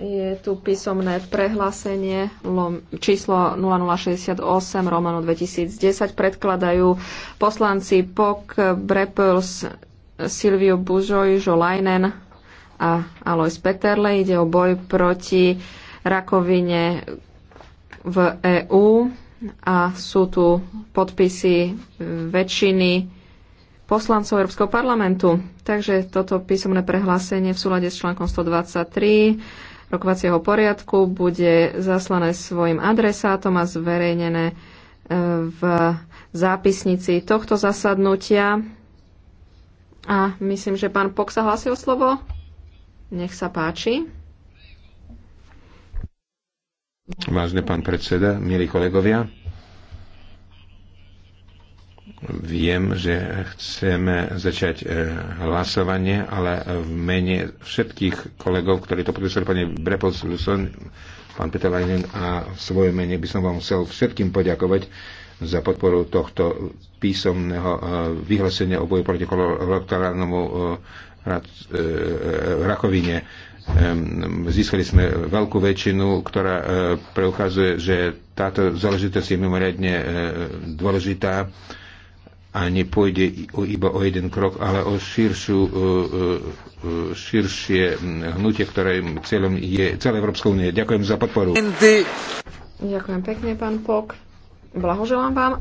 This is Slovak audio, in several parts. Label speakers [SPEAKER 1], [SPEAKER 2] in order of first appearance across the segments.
[SPEAKER 1] Je tu písomné prehlásenie číslo 0068 Romano 2010. Predkladajú poslanci POK, Brepels, Silvio Bužoj, Žolajnen a Alois Peterle. Ide o boj proti rakovine v EÚ a sú tu podpisy väčšiny poslancov Európskeho parlamentu. Takže toto písomné prehlásenie v súlade s článkom 123 rokovacieho poriadku bude zaslané svojim adresátom a zverejnené e, v zápisnici tohto zasadnutia. A myslím, že pán Pok sa hlasil slovo. Nech sa páči.
[SPEAKER 2] Vážne pán predseda, milí kolegovia, Viem, že chceme začať e, hlasovanie, ale e, v mene všetkých kolegov, ktorí to podpísali, pani Brepos Luson, pán Peter Lajnen a v svojom mene by som vám chcel všetkým poďakovať za podporu tohto písomného e, vyhlásenia o boju proti kolorektorálnemu rakovine. Získali sme veľkú väčšinu, ktorá preukazuje, že táto záležitosť je mimoriadne dôležitá a nepôjde iba o jeden krok, ale o širšiu, e, e, e, širšie hnutie, ktoré cieľom je celá Európska únie. Ďakujem za podporu.
[SPEAKER 3] Ďakujem pekne, pán Pok.
[SPEAKER 1] Blahoželám vám.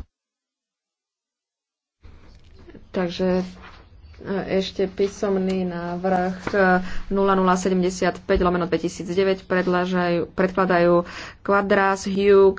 [SPEAKER 1] Takže ešte písomný návrh 0075 lomeno 2009 predkladajú Quadras, Hughes,